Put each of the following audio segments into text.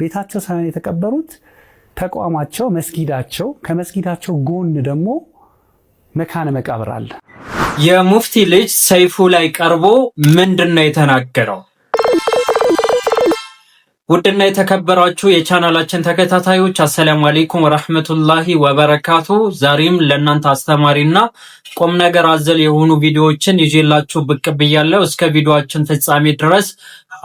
ቤታቸው ሳይሆን የተቀበሩት ተቋማቸው መስጊዳቸው፣ ከመስጊዳቸው ጎን ደግሞ መካነ መቃብር አለ። የሙፍቲ ልጅ ሰይፉ ላይ ቀርቦ ምንድን ነው የተናገረው? ውድና የተከበራችሁ የቻናላችን ተከታታዮች አሰላሙ አሌይኩም ወራህመቱላሂ ወበረካቱ። ዛሬም ለእናንተ አስተማሪና ቁም ነገር አዘል የሆኑ ቪዲዮዎችን ይዤላችሁ ብቅ ብያለሁ። እስከ ቪዲዮችን ፍጻሜ ድረስ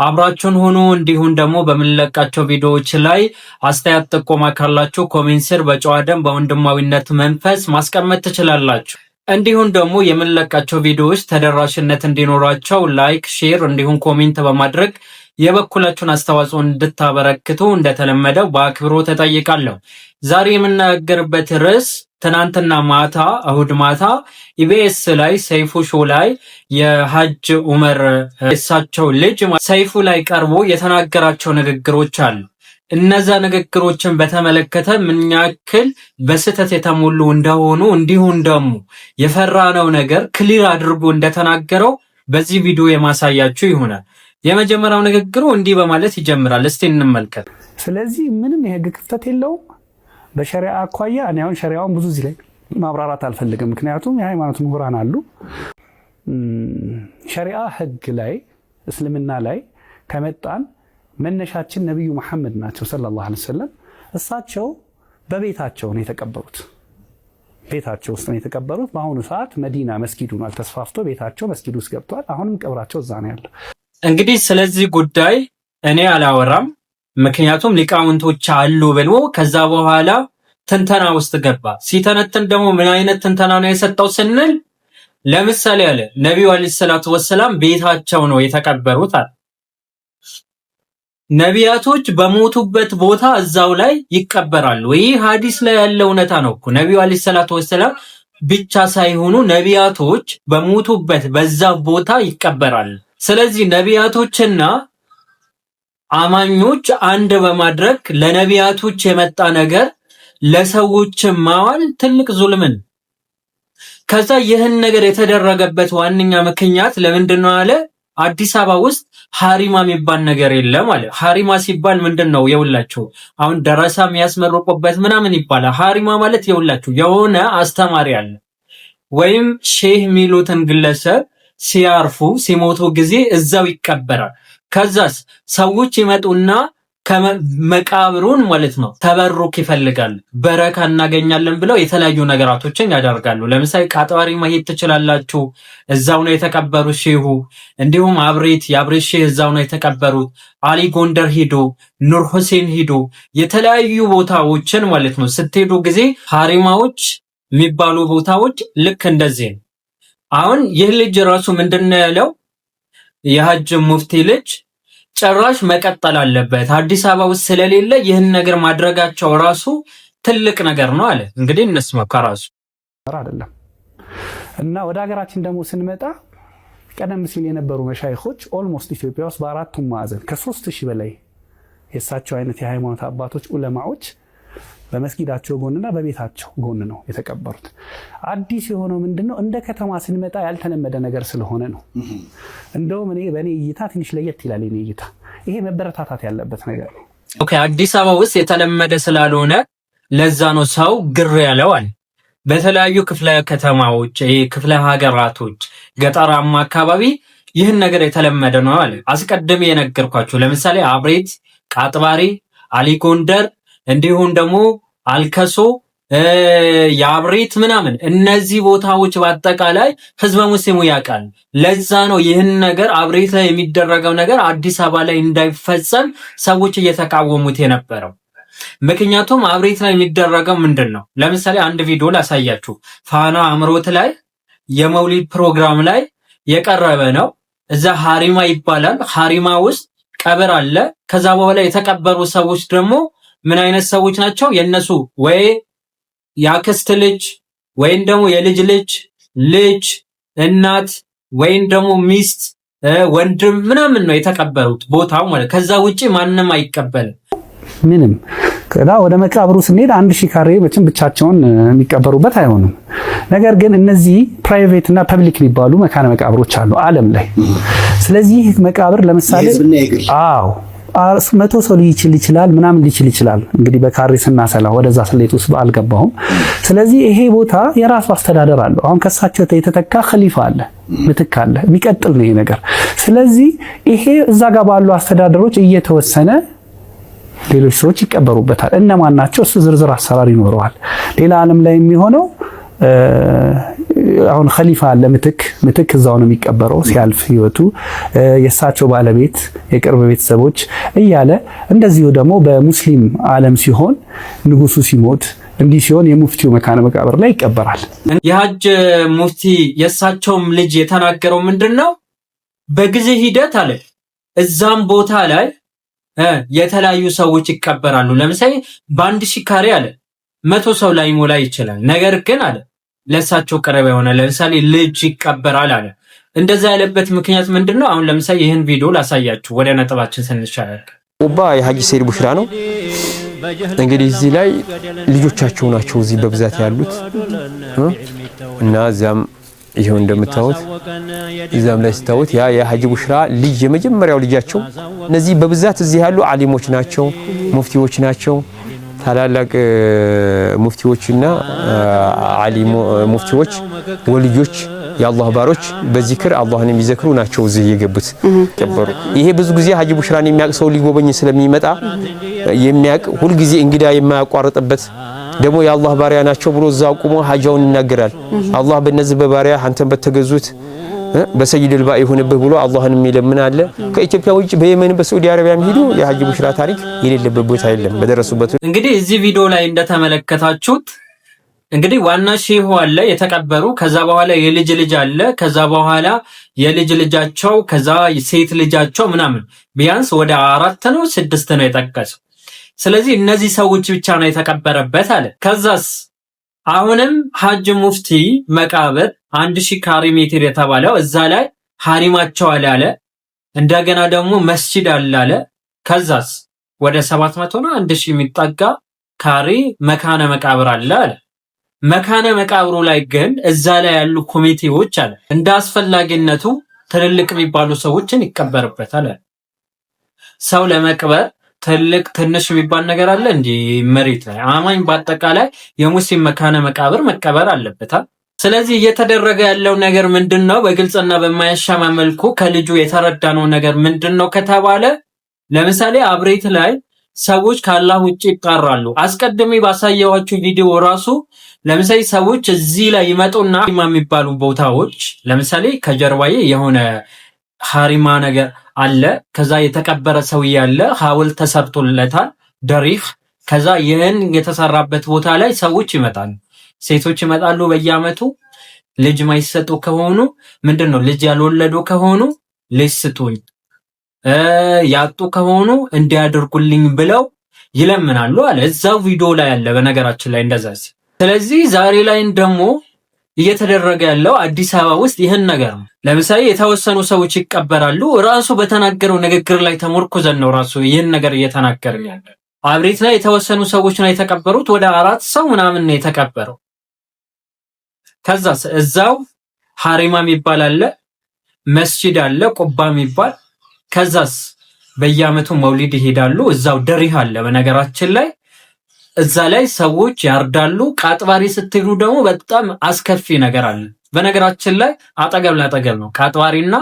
አብራችሁን ሁኑ። እንዲሁም ደግሞ በምንለቃቸው ቪዲዮዎች ላይ አስተያየት፣ ጥቆማ ካላችሁ ኮሜንት ስር በጨዋ ደም በወንድማዊነት መንፈስ ማስቀመጥ ትችላላችሁ። እንዲሁም ደግሞ የምንለቃቸው ቪዲዮዎች ተደራሽነት እንዲኖራቸው ላይክ፣ ሼር እንዲሁም ኮሜንት በማድረግ የበኩላችሁን አስተዋጽኦ እንድታበረክቱ እንደተለመደው በአክብሮ ተጠይቃለሁ። ዛሬ የምናገርበት ርዕስ ትናንትና ማታ እሁድ ማታ ኢቢኤስ ላይ ሰይፉ ሾ ላይ የሀጅ ዑመር የእሳቸው ልጅ ሰይፉ ላይ ቀርቦ የተናገራቸው ንግግሮች አሉ። እነዛ ንግግሮችን በተመለከተ ምን ያክል በስህተት የተሞሉ እንደሆኑ እንዲሁም ደግሞ የፈራነው ነገር ክሊር አድርጎ እንደተናገረው በዚህ ቪዲዮ የማሳያችሁ ይሆናል። የመጀመሪያው ንግግሩ እንዲህ በማለት ይጀምራል። እስቲ እንመልከት። ስለዚህ ምንም የህግ ክፍተት የለውም በሸሪያ አኳያ እኔ አሁን ሸሪያውን ብዙ እዚህ ላይ ማብራራት አልፈልግም። ምክንያቱም የሃይማኖት ምሁራን አሉ። ሸሪያ ህግ ላይ እስልምና ላይ ከመጣን መነሻችን ነቢዩ መሐመድ ናቸው ሰለላሁ ዐለይሂ ወሰለም። እሳቸው በቤታቸው ነው የተቀበሩት፣ ቤታቸው ውስጥ ነው የተቀበሩት። በአሁኑ ሰዓት መዲና መስጊዱ አልተስፋፍቶ ቤታቸው መስጊዱ ውስጥ ገብቷል። አሁንም ቅብራቸው እዛ ነው ያለው። እንግዲህ ስለዚህ ጉዳይ እኔ አላወራም። ምክንያቱም ሊቃውንቶች አሉ ብሎ ከዛ በኋላ ትንተና ውስጥ ገባ። ሲተነትን ደግሞ ምን አይነት ትንተና ነው የሰጠው ስንል ለምሳሌ አለ ነቢዩ አለይሂ ሰላቱ ወሰላም ቤታቸው ነው የተቀበሩት አለ። ነቢያቶች በሞቱበት ቦታ እዛው ላይ ይቀበራሉ። ይህ ሐዲስ ላይ ያለ እውነታ ነው እኮ ነቢዩ አለይሂ ሰላቱ ወሰላም ብቻ ሳይሆኑ ነቢያቶች በሞቱበት በዛ ቦታ ይቀበራል። ስለዚህ ነቢያቶችና አማኞች አንድ በማድረግ ለነቢያቶች የመጣ ነገር ለሰዎችም ማዋል ትልቅ ዙልምን። ከዛ ይህን ነገር የተደረገበት ዋነኛ ምክንያት ለምንድን ነው አለ አዲስ አበባ ውስጥ ሀሪማ የሚባል ነገር የለም አለ። ሀሪማ ሲባል ምንድን ነው የውላችሁ አሁን ደረሳ የሚያስመርቁበት ምናምን ይባላል። ሀሪማ ማለት የውላችሁ የሆነ አስተማሪ አለ ወይም ሼህ የሚሉትን ግለሰብ ሲያርፉ ሲሞቱ ጊዜ እዛው ይቀበራል። ከዛስ ሰዎች ይመጡና መቃብሩን ማለት ነው ተበሩክ ይፈልጋል በረካ እናገኛለን ብለው የተለያዩ ነገራቶችን ያደርጋሉ። ለምሳሌ ቃጠዋሪ መሄድ ትችላላችሁ። እዛው ነው የተቀበሩት ሼሁ። እንዲሁም አብሬት የአብሬት ሼህ እዛው ነው የተቀበሩት። አሊ ጎንደር ሂዶ፣ ኑር ሁሴን ሂዶ፣ የተለያዩ ቦታዎችን ማለት ነው ስትሄዱ ጊዜ ሀሪማዎች የሚባሉ ቦታዎች ልክ እንደዚህ ነው። አሁን ይህ ልጅ ራሱ ምንድን ነው ያለው? የሀጅ ሙፍቲ ልጅ ጭራሽ መቀጠል አለበት አዲስ አበባ ውስጥ ስለሌለ ይህን ነገር ማድረጋቸው ራሱ ትልቅ ነገር ነው አለ። እንግዲህ እነስማ ከራሱ አይደለም እና ወደ ሀገራችን ደግሞ ስንመጣ ቀደም ሲል የነበሩ መሻይኮች ኦልሞስት ኢትዮጵያ ውስጥ በአራቱም ማዕዘን ከሶስት ሺህ በላይ የእሳቸው አይነት የሃይማኖት አባቶች ኡለማዎች በመስጊዳቸው ጎንና በቤታቸው ጎን ነው የተቀበሩት። አዲስ የሆነው ምንድነው እንደ ከተማ ስንመጣ ያልተለመደ ነገር ስለሆነ ነው። እንደውም እኔ በእኔ እይታ ትንሽ ለየት ይላል። ኔ እይታ ይሄ መበረታታት ያለበት ነገር ነው። ኦኬ፣ አዲስ አበባ ውስጥ የተለመደ ስላልሆነ ለዛ ነው ሰው ግር ያለዋል። በተለያዩ ክፍለ ከተማዎች፣ ክፍለ ሀገራቶች፣ ገጠራማ አካባቢ ይህን ነገር የተለመደ ነው አለ። አስቀድሜ የነገርኳቸው ለምሳሌ አብሬት፣ ቃጥባሪ፣ አሊ ጎንደር እንዲሁም ደግሞ አልከሶ የአብሬት ምናምን እነዚህ ቦታዎች በአጠቃላይ ህዝበ ሙስሊሙ ያውቃል። ለዛ ነው ይህን ነገር አብሬት ላይ የሚደረገው ነገር አዲስ አበባ ላይ እንዳይፈጸም ሰዎች እየተቃወሙት የነበረው። ምክንያቱም አብሬት ላይ የሚደረገው ምንድን ነው? ለምሳሌ አንድ ቪዲዮ ላሳያችሁ። ፋና አምሮት ላይ የመውሊድ ፕሮግራም ላይ የቀረበ ነው። እዛ ሀሪማ ይባላል። ሀሪማ ውስጥ ቀብር አለ። ከዛ በኋላ የተቀበሩ ሰዎች ደግሞ ምን አይነት ሰዎች ናቸው? የነሱ ወይ የአክስት ልጅ ወይም ደግሞ የልጅ ልጅ ልጅ፣ እናት ወይም ደግሞ ሚስት፣ ወንድም ምናምን ነው የተቀበሩት ቦታው ማለት። ከዛ ውጪ ማንም አይቀበልም ምንም ከዛ ወደ መቃብሩ ስንሄድ አንድ ሺህ ካሬ መቼም ብቻቸውን የሚቀበሩበት አይሆንም። ነገር ግን እነዚህ ፕራይቬት እና ፐብሊክ የሚባሉ መካነ መቃብሮች አሉ ዓለም ላይ። ስለዚህ መቃብር ለምሳሌ አዎ መቶ ሰው ሊችል ይችላል ምናምን ሊችል ይችላል። እንግዲህ በካሬ ስናሰላ ወደዛ ስሌት ውስጥ አልገባሁም። ስለዚህ ይሄ ቦታ የራሱ አስተዳደር አለው። አሁን ከሳቸው የተተካ ኸሊፋ አለ፣ ምትክ አለ፣ የሚቀጥል ነው ይሄ ነገር። ስለዚህ ይሄ እዛ ጋር ባሉ አስተዳደሮች እየተወሰነ ሌሎች ሰዎች ይቀበሩበታል። እነማን ናቸው? እሱ ዝርዝር አሰራር ይኖረዋል። ሌላ ዓለም ላይ የሚሆነው አሁን ኸሊፋ አለ ምትክ ምትክ እዛው ነው የሚቀበረው ሲያልፍ ህይወቱ የእሳቸው ባለቤት የቅርብ ቤተሰቦች እያለ እንደዚሁ ደግሞ በሙስሊም ዓለም ሲሆን ንጉሱ ሲሞት እንዲህ ሲሆን የሙፍቲው መካነ መቃብር ላይ ይቀበራል። የሀጅ ሙፍቲ የእሳቸውም ልጅ የተናገረው ምንድን ነው? በጊዜ ሂደት አለ እዛም ቦታ ላይ የተለያዩ ሰዎች ይቀበራሉ። ለምሳሌ በአንድ ሺህ ካሬ አለ መቶ ሰው ላይ ሞላ ይችላል። ነገር ግን አለ ለእሳቸው ቅርብ የሆነ ለምሳሌ ልጅ ይቀበራል አለ። እንደዛ ያለበት ምክንያት ምንድን ነው? አሁን ለምሳሌ ይህን ቪዲዮ ላሳያችሁ። ወደ ነጥባችን ስንሻገር ቁባ የሀጂ ሰይድ ቡሽራ ነው። እንግዲህ እዚህ ላይ ልጆቻቸው ናቸው እዚህ በብዛት ያሉት እና እዚያም ይሄው እንደምታዩት እዚያም ላይ ስታዩት ያ የሀጂ ቡሽራ ልጅ የመጀመሪያው ልጃቸው። እነዚህ በብዛት እዚህ ያሉ አሊሞች ናቸው፣ ሙፍቲዎች ናቸው ታላላቅ ሙፍቲዎችና አሊ ሙፍቲዎች ወልዮች የአላህ ባሮች በዚክር አላህን የሚዘክሩ ናቸው። እዚህ የገቡት ጨበሩ ይሄ ብዙ ጊዜ ሀጂ ቡሽራን የሚያውቅ ሰው ሊጎበኝ ስለሚመጣ የሚያውቅ ሁልጊዜ እንግዳ የማያቋርጥበት ደግሞ የአላህ ባሪያ ናቸው ብሎ እዛ ቁሞ ሀጃውን ይናገራል። አላህ በነዚህ በባሪያ አንተን በተገዙት በሰይድ ልባ ይሁንብህ ብሎ አላህን የሚለምን አለ። ከኢትዮጵያ ውጭ በየመን በሳዑዲ አረቢያ ሄዱ የሀጅ ቡሽራ ታሪክ የሌለበት ቦታ የለም። በደረሱበት እንግዲህ እዚህ ቪዲዮ ላይ እንደተመለከታችሁት እንግዲህ ዋና ሼሁ አለ የተቀበሩ፣ ከዛ በኋላ የልጅ ልጅ አለ፣ ከዛ በኋላ የልጅ ልጃቸው፣ ከዛ ሴት ልጃቸው ምናምን ቢያንስ ወደ አራት ነው ስድስት ነው የጠቀሰው። ስለዚህ እነዚህ ሰዎች ብቻ ነው የተቀበረበት አለ። ከዛስ አሁንም ሀጅ ሙፍቲ መቃብር አንድ ሺህ ካሬ ሜትር የተባለው እዛ ላይ ሀሪማቸው አላለ። እንደገና ደግሞ መስጂድ አላለ። ከዛስ ወደ 700 ነው አንድ ሺህ የሚጠጋ ካሬ መካነ መቃብር አለ አለ። መካነ መቃብሩ ላይ ግን እዛ ላይ ያሉ ኮሚቴዎች አለ እንደ አስፈላጊነቱ ትልልቅ የሚባሉ ሰዎችን ይቀበርበታል። ሰው ለመቅበር ትልቅ ትንሽ የሚባል ነገር አለ እንዲ መሬት ላይ አማኝ በአጠቃላይ የሙስሊም መካነ መቃብር መቀበር አለበታል። ስለዚህ እየተደረገ ያለው ነገር ምንድን ነው? በግልጽና በማያሻማ መልኩ ከልጁ የተረዳነው ነገር ምንድን ነው ከተባለ ለምሳሌ አብሬት ላይ ሰዎች ከአላህ ውጭ ይጣራሉ። አስቀድሜ ባሳየዋችሁ ቪዲዮ ራሱ ለምሳሌ ሰዎች እዚህ ላይ ይመጡና ሀሪማ የሚባሉ ቦታዎች ለምሳሌ ከጀርባዬ የሆነ ሀሪማ ነገር አለ። ከዛ የተቀበረ ሰውዬ ያለ ሐውልት ተሰርቶለታል ደሪህ። ከዛ ይህን የተሰራበት ቦታ ላይ ሰዎች ይመጣሉ፣ ሴቶች ይመጣሉ በየአመቱ ልጅ ማይሰጡ ከሆኑ ምንድን ነው ልጅ ያልወለዱ ከሆኑ ልጅ ስጡኝ፣ ያጡ ከሆኑ እንዲያደርጉልኝ ብለው ይለምናሉ አለ። እዛው ቪዲዮ ላይ አለ። በነገራችን ላይ እንደዛ። ስለዚህ ዛሬ ላይ ደግሞ እየተደረገ ያለው አዲስ አበባ ውስጥ ይህን ነገር ነው። ለምሳሌ የተወሰኑ ሰዎች ይቀበራሉ። ራሱ በተናገረው ንግግር ላይ ተሞርኩዘን ነው ራሱ ይህን ነገር እየተናገር ያለ። አብሬት ላይ የተወሰኑ ሰዎች ነው የተቀበሩት። ወደ አራት ሰው ምናምን ነው የተቀበረው። ከዛ እዛው ሀሪማ የሚባል አለ፣ መስጂድ አለ፣ ቁባ የሚባል ከዛስ በየአመቱ መውሊድ ይሄዳሉ። እዛው ደሪህ አለ በነገራችን ላይ እዛ ላይ ሰዎች ያርዳሉ። ከአጥባሪ ስትሉ ደግሞ በጣም አስከፊ ነገር አለ። በነገራችን ላይ አጠገብ ለአጠገብ ነው ከአጥባሪና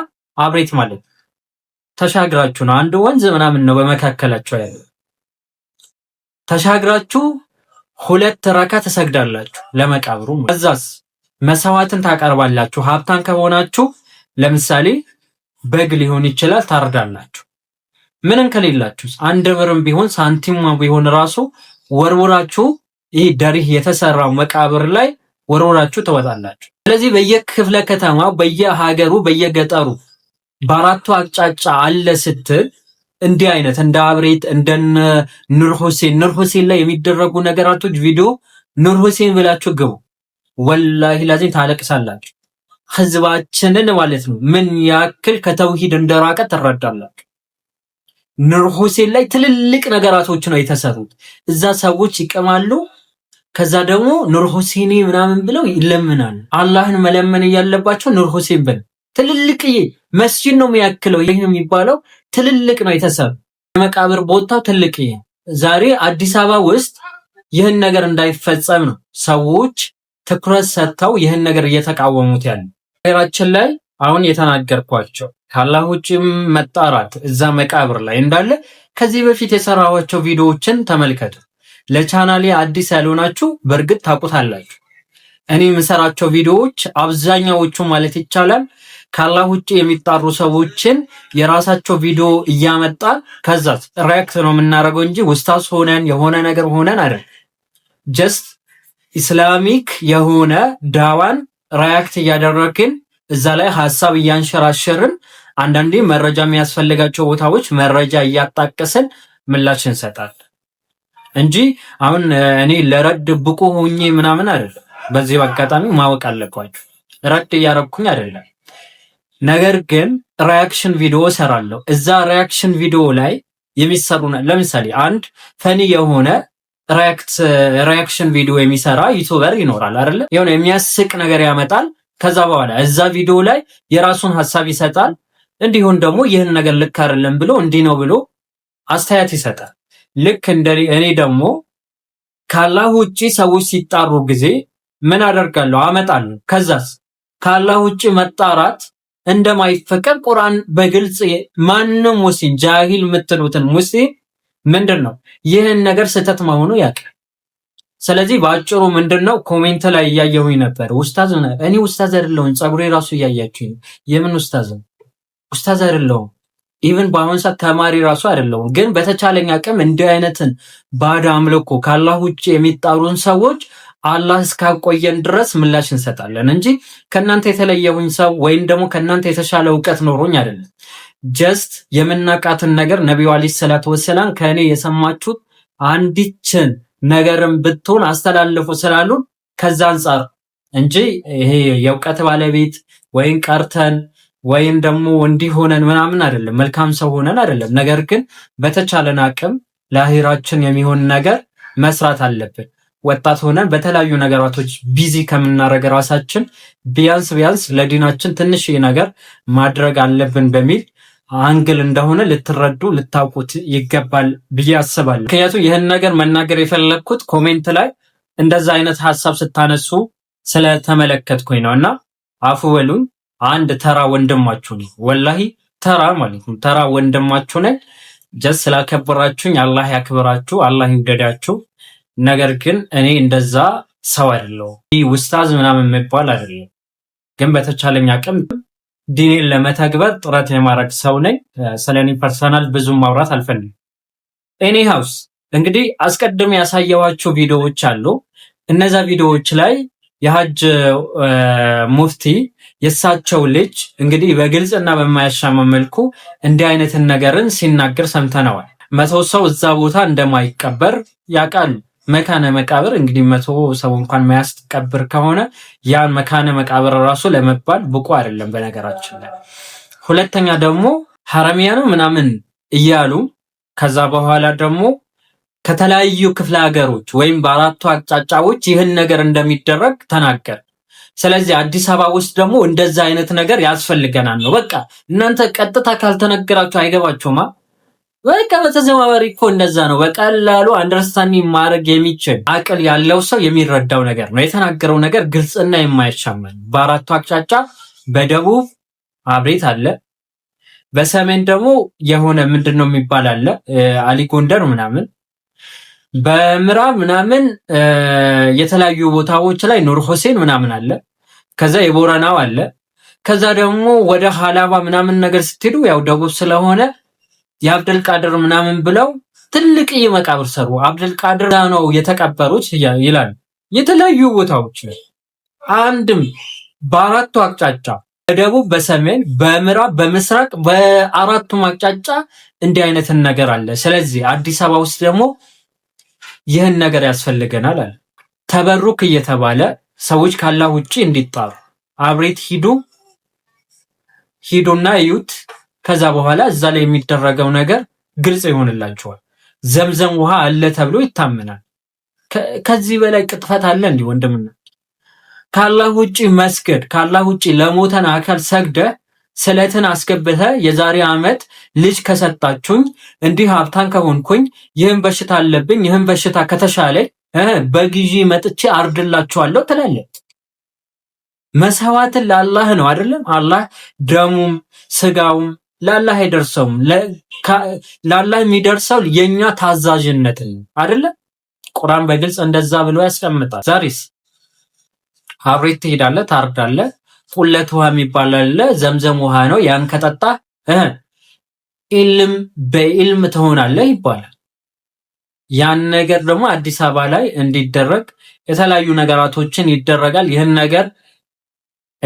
አብሬት ማለት ተሻግራችሁ ነው። አንድ ወንዝ ምናምን ነው በመካከላቸው ያለ። ተሻግራችሁ ሁለት ረካ ትሰግዳላችሁ ለመቃብሩ። ከዛስ መሰዋትን ታቀርባላችሁ። ሀብታን ከሆናችሁ ለምሳሌ በግ ሊሆን ይችላል ታርዳላችሁ። ምንም ከሌላችሁ አንድ ብርም ቢሆን ሳንቲም ቢሆን ራሱ ወርውራችሁ ይህ ደሪህ የተሰራው መቃብር ላይ ወርውራችሁ ትወጣላችሁ። ስለዚህ በየክፍለ ከተማው በየሀገሩ በየገጠሩ በአራቱ አቅጫጫ አለ ስትል እንዲህ አይነት እንደ አብሬት እንደ ኑር ሁሴን ኑር ሁሴን ላይ የሚደረጉ ነገራቶች ቪዲዮ ኑር ሁሴን ብላችሁ ግቡ። ወላሂ ላዚም ታለቅሳላችሁ። ህዝባችንን ማለት ነው ምን ያክል ከተውሂድ እንደራቀ ትረዳላችሁ። ኑር ሁሴን ላይ ትልልቅ ነገራቶች ነው የተሰሩት። እዛ ሰዎች ይቀማሉ። ከዛ ደግሞ ኑር ሁሴኔ ምናምን ብለው ይለምናሉ። አላህን መለመን እያለባቸው ኑር ሁሴን በል ትልልቅዬ መስጂድ ነው የሚያክለው ይህ የሚባለው ትልልቅ ነው የተሰሩ መቃብር ቦታው ትልቅዬ። ዛሬ አዲስ አበባ ውስጥ ይህን ነገር እንዳይፈጸም ነው ሰዎች ትኩረት ሰጥተው ይህን ነገር እየተቃወሙት ያለ ሀገራችን ላይ አሁን የተናገርኳቸው ከአላህ ውጭም መጣራት እዛ መቃብር ላይ እንዳለ ከዚህ በፊት የሰራኋቸው ቪዲዮዎችን ተመልከቱ። ለቻናሌ አዲስ ያልሆናችሁ በእርግጥ ታውቁታላችሁ። እኔ የምሰራቸው ቪዲዮዎች አብዛኛዎቹ ማለት ይቻላል ከአላህ ውጭ የሚጣሩ ሰዎችን የራሳቸው ቪዲዮ እያመጣ ከዛ ሪያክት ነው የምናደርገው እንጂ ውስታስ ሆነን የሆነ ነገር ሆነን አይደል። ጀስት ኢስላሚክ የሆነ ዳዋን ሪያክት እያደረግን እዛ ላይ ሀሳብ እያንሸራሸርን አንዳንዴ መረጃ የሚያስፈልጋቸው ቦታዎች መረጃ እያጣቀስን ምላሽ እንሰጣል እንጂ አሁን እኔ ለረድ ብቁ ሆኜ ምናምን አይደለም። በዚህ አጋጣሚ ማወቅ አለባችሁ ረድ እያረግኩኝ አይደለም። ነገር ግን ሪያክሽን ቪዲዮ እሰራለሁ። እዛ ሪያክሽን ቪዲዮ ላይ የሚሰሩ ለምሳሌ አንድ ፈኒ የሆነ ሪያክሽን ቪዲዮ የሚሰራ ዩቱበር ይኖራል አይደለ? የሆነ የሚያስቅ ነገር ያመጣል። ከዛ በኋላ እዛ ቪዲዮ ላይ የራሱን ሀሳብ ይሰጣል። እንዲሁም ደግሞ ይህን ነገር ልክ አይደለም ብሎ እንዲህ ነው ብሎ አስተያየት ይሰጣል። ልክ እንደ እኔ ደግሞ ከአላህ ውጭ ሰዎች ሲጣሩ ጊዜ ምን አደርጋለሁ? አመጣለሁ። ከዛስ ከአላህ ውጭ መጣራት እንደማይፈቀድ ቁርአን በግልጽ ማንም ሙስሊም ጃሂል የምትሉትን ሙስሊም ምንድን ነው ይህን ነገር ስህተት መሆኑ ያውቃል። ስለዚህ በአጭሩ ምንድን ነው ኮሜንት ላይ እያየሁኝ ነበር። ኡስታዝ እኔ ኡስታዝ አይደለሁም፣ ጸጉሬ ራሱ እያያችሁኝ የምን ኡስታዝ ነው ኡስታዝ አይደለሁም። ኢቨን በአሁን ሰዓት ተማሪ ራሱ አይደለሁም። ግን በተቻለኝ አቅም እንዲህ አይነትን ባዕድ አምልኮ ከአላህ ውጭ የሚጣሩን ሰዎች አላህ እስካቆየን ድረስ ምላሽ እንሰጣለን እንጂ ከእናንተ የተለየውኝ ሰው ወይም ደግሞ ከእናንተ የተሻለ እውቀት ኖሮኝ አይደለም። ጀስት የምናቃትን ነገር ነቢዩ አለይሂ ሰላቱ ወሰላም ከእኔ የሰማችሁት አንዲችን ነገርን ብትሆን አስተላልፉ ስላሉን ከዛ አንጻር እንጂ ይሄ የእውቀት ባለቤት ወይም ቀርተን ወይም ደግሞ እንዲህ ሆነን ምናምን አይደለም፣ መልካም ሰው ሆነን አይደለም። ነገር ግን በተቻለን አቅም ለአሂራችን የሚሆን ነገር መስራት አለብን። ወጣት ሆነን በተለያዩ ነገራቶች ቢዚ ከምናደርግ ራሳችን ቢያንስ ቢያንስ ለዲናችን ትንሽ ነገር ማድረግ አለብን በሚል አንግል እንደሆነ ልትረዱ ልታውቁት ይገባል ብዬ አስባለሁ። ምክንያቱም ይህን ነገር መናገር የፈለግኩት ኮሜንት ላይ እንደዛ አይነት ሀሳብ ስታነሱ ስለተመለከትኩኝ ነው እና አፉ በሉኝ። አንድ ተራ ወንድማችሁ ነኝ። ወላሂ ተራ ማለት ነው፣ ተራ ወንድማችሁ ነኝ። ጀስ ስላከበራችሁኝ አላህ ያክብራችሁ፣ አላህ ይውደዳችሁ። ነገር ግን እኔ እንደዛ ሰው አይደለሁም። ይህ ውስታዝ ምናምን የሚባል አይደለም። ግን በተቻለኝ አቅም ዲኔን ለመተግበር ጥረት የማድረግ ሰው ነኝ። ስለ እኔ ፐርሰናል ብዙ ማውራት አልፈልግም። ኤኒ ሃውስ እንግዲህ አስቀድሜ ያሳየዋቸው ቪዲዮዎች አሉ። እነዛ ቪዲዮዎች ላይ የሀጅ ሙፍቲ የእሳቸው ልጅ እንግዲህ በግልጽና በማያሻመ መልኩ እንዲህ አይነትን ነገርን ሲናገር ሰምተነዋል። መቶ ሰው እዛ ቦታ እንደማይቀበር ያውቃሉ። መካነ መቃብር እንግዲህ መቶ ሰው እንኳን ማያስቀብር ከሆነ ያን መካነ መቃብር ራሱ ለመባል ብቁ አይደለም። በነገራችን ላይ ሁለተኛ ደግሞ ሀረሚያ ነው ምናምን እያሉ ከዛ በኋላ ደግሞ ከተለያዩ ክፍለ ሀገሮች ወይም በአራቱ አቅጫጫዎች ይህን ነገር እንደሚደረግ ተናገር። ስለዚህ አዲስ አበባ ውስጥ ደግሞ እንደዛ አይነት ነገር ያስፈልገናል ነው። በቃ እናንተ ቀጥታ ካልተነገራችሁ አይገባችሁማ። በቃ በተዘዋዋሪ እኮ እንደዛ ነው። በቀላሉ አንደርስታንዲንግ ማድረግ የሚችል አቅል ያለው ሰው የሚረዳው ነገር ነው። የተናገረው ነገር ግልጽና የማይሻመን በአራቱ አቅጫጫ በደቡብ አብሬት አለ፣ በሰሜን ደግሞ የሆነ ምንድን ነው የሚባል አለ አሊ ጎንደር ምናምን በምዕራብ ምናምን የተለያዩ ቦታዎች ላይ ኑር ሁሴን ምናምን አለ። ከዛ የቦረናው አለ። ከዛ ደግሞ ወደ ሀላባ ምናምን ነገር ስትሄዱ ያው ደቡብ ስለሆነ የአብደልቃድር ምናምን ብለው ትልቅ መቃብር ሰሩ። አብደልቃድር ነው የተቀበሩት ይላል። የተለያዩ ቦታዎች አንድም በአራቱ አቅጫጫ በደቡብ፣ በሰሜን፣ በምዕራብ፣ በምስራቅ በአራቱም አቅጫጫ እንዲህ አይነትን ነገር አለ። ስለዚህ አዲስ አበባ ውስጥ ደግሞ ይህን ነገር ያስፈልገናል አለ። ተበሩክ እየተባለ ሰዎች ካላህ ውጭ እንዲጣሩ አብሬት ሂዱ ሂዱና እዩት። ከዛ በኋላ እዛ ላይ የሚደረገው ነገር ግልጽ ይሆንላቸዋል። ዘምዘም ውሃ አለ ተብሎ ይታመናል። ከዚህ በላይ ቅጥፈት አለ? እንዲህ ወንድምና ከአላህ ውጭ መስገድ ካላ ውጭ ለሞተን አካል ሰግደ ስለትን አስገብተ የዛሬ ዓመት ልጅ ከሰጣችሁኝ እንዲህ ሀብታም ከሆንኩኝ ይህን በሽታ አለብኝ ይህን በሽታ ከተሻለ በግዢ መጥቼ አርድላችኋለሁ ትላለች። መሰዋዕትን ለአላህ ነው አይደለም? አላህ ደሙም ስጋውም ለአላህ አይደርሰውም። ለአላህ የሚደርሰው የእኛ ታዛዥነትን አይደለም? ቁርአን በግልጽ እንደዛ ብሎ ያስቀምጣል። ዛሬስ አብሬት ትሄዳለህ፣ ታርዳለህ ቁለት ውሃ የሚባል አለ፣ ዘምዘም ውሃ ነው። ያን ከጠጣ ኢልም በኢልም ትሆናለህ ይባላል። ያን ነገር ደግሞ አዲስ አበባ ላይ እንዲደረግ የተለያዩ ነገራቶችን ይደረጋል። ይህን ነገር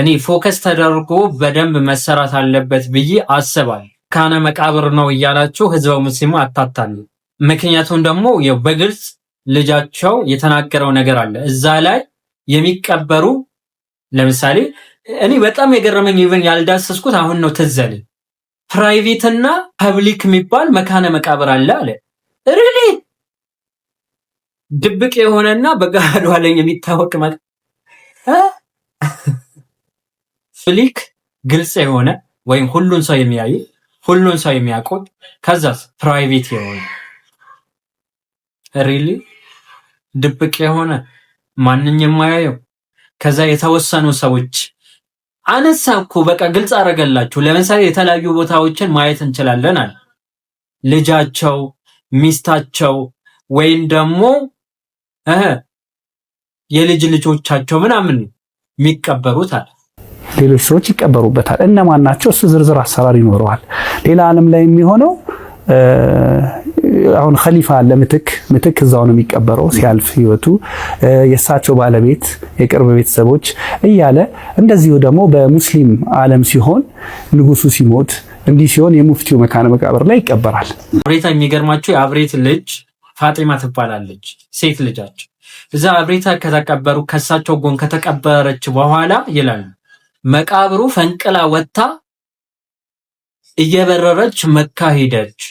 እኔ ፎከስ ተደርጎ በደንብ መሰራት አለበት ብዬ አስባል። ካነ መቃብር ነው እያላችሁ ህዝበ ሙስሊሙ አታታሉ። ምክንያቱም ደግሞ በግልጽ ልጃቸው የተናገረው ነገር አለ እዛ ላይ የሚቀበሩ ለምሳሌ እኔ በጣም የገረመኝ ኢቨን ያልዳሰስኩት አሁን ነው ትዘል ፕራይቬት እና ፐብሊክ የሚባል መካነ መቃብር አለ አለ ሪሊ ድብቅ የሆነና በጋዶ አለኝ የሚታወቅ ማለት ፍሊክ ግልጽ የሆነ ወይም ሁሉን ሰው የሚያዩ ሁሉን ሰው የሚያውቁት ከዛስ ፕራይቬት የሆነ ሪሊ ድብቅ የሆነ ማንኛውም የማያየው ከዛ የተወሰኑ ሰዎች አነሳ እኮ በቃ ግልጽ አደረገላችሁ። ለምሳሌ የተለያዩ ቦታዎችን ማየት እንችላለን አለ ልጃቸው፣ ሚስታቸው ወይም ደግሞ እህ የልጅ ልጆቻቸው ምናምን የሚቀበሩት አለ። ሌሎች ሰዎች ይቀበሩበታል። እነማን ናቸው? እሱ ዝርዝር አሰራር ይኖረዋል። ሌላ ዓለም ላይ የሚሆነው አሁን ኸሊፋ አለ ምትክ ምትክ እዛው ነው የሚቀበረው ሲያልፍ ህይወቱ የእሳቸው ባለቤት የቅርብ ቤተሰቦች እያለ እንደዚሁ ደግሞ በሙስሊም ዓለም ሲሆን ንጉሱ ሲሞት እንዲህ ሲሆን የሙፍቲው መካነ መቃብር ላይ ይቀበራል። አብሬታ የሚገርማቸው የአብሬት ልጅ ፋጢማ ትባላለች፣ ሴት ልጃቸው እዛ አብሬታ ከተቀበሩ ከሳቸው ጎን ከተቀበረች በኋላ ይላል መቃብሩ ፈንቅላ ወጥታ እየበረረች መካ ሄደች።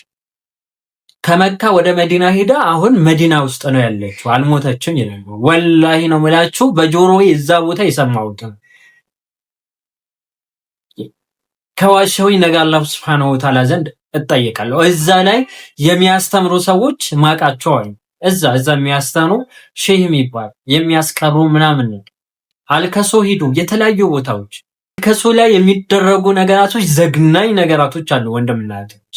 ከመካ ወደ መዲና ሄዳ አሁን መዲና ውስጥ ነው ያለችው፣ አልሞተችም ይላሉ። ወላሂ ነው ምላችሁ፣ በጆሮ እዛ ቦታ የሰማሁትን ከዋሸሁኝ ነገ አላሁ ስብሐነሁ ወተዓላ ዘንድ እጠየቃለሁ። እዛ ላይ የሚያስተምሩ ሰዎች ማቃቸው አይ እዛ እዛ የሚያስተኑ ሼህ የሚባል የሚያስቀሩ ምናምን አልከሶ ሂዱ፣ የተለያዩ ቦታዎች አልከሶ ላይ የሚደረጉ ነገራቶች፣ ዘግናኝ ነገራቶች አሉ ወንድምናቶች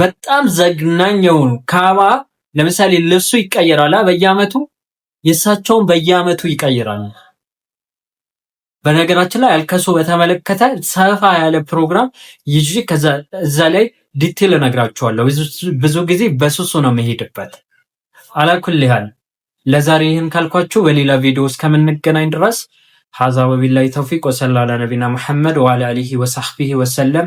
በጣም ዘግናኝ የሆኑ ካባ ለምሳሌ ልብሱ ይቀየራል በየአመቱ የእሳቸውን በየአመቱ ይቀይራል። በነገራችን ላይ አልከሶ በተመለከተ ሰፋ ያለ ፕሮግራም ይዤ እዛ ላይ ዲቴል እነግራችኋለሁ። ብዙ ጊዜ በሱሱ ነው መሄድበት። አላኩል ያህል ለዛሬ ይህን ካልኳችሁ በሌላ ቪዲዮ እስከምንገናኝ ድረስ ሀዛ ወቢላይ ተውፊቅ ወሰላ አላ ነቢና ሙሐመድ ወአላ አሊሂ ወሳህቢሂ ወሰለም።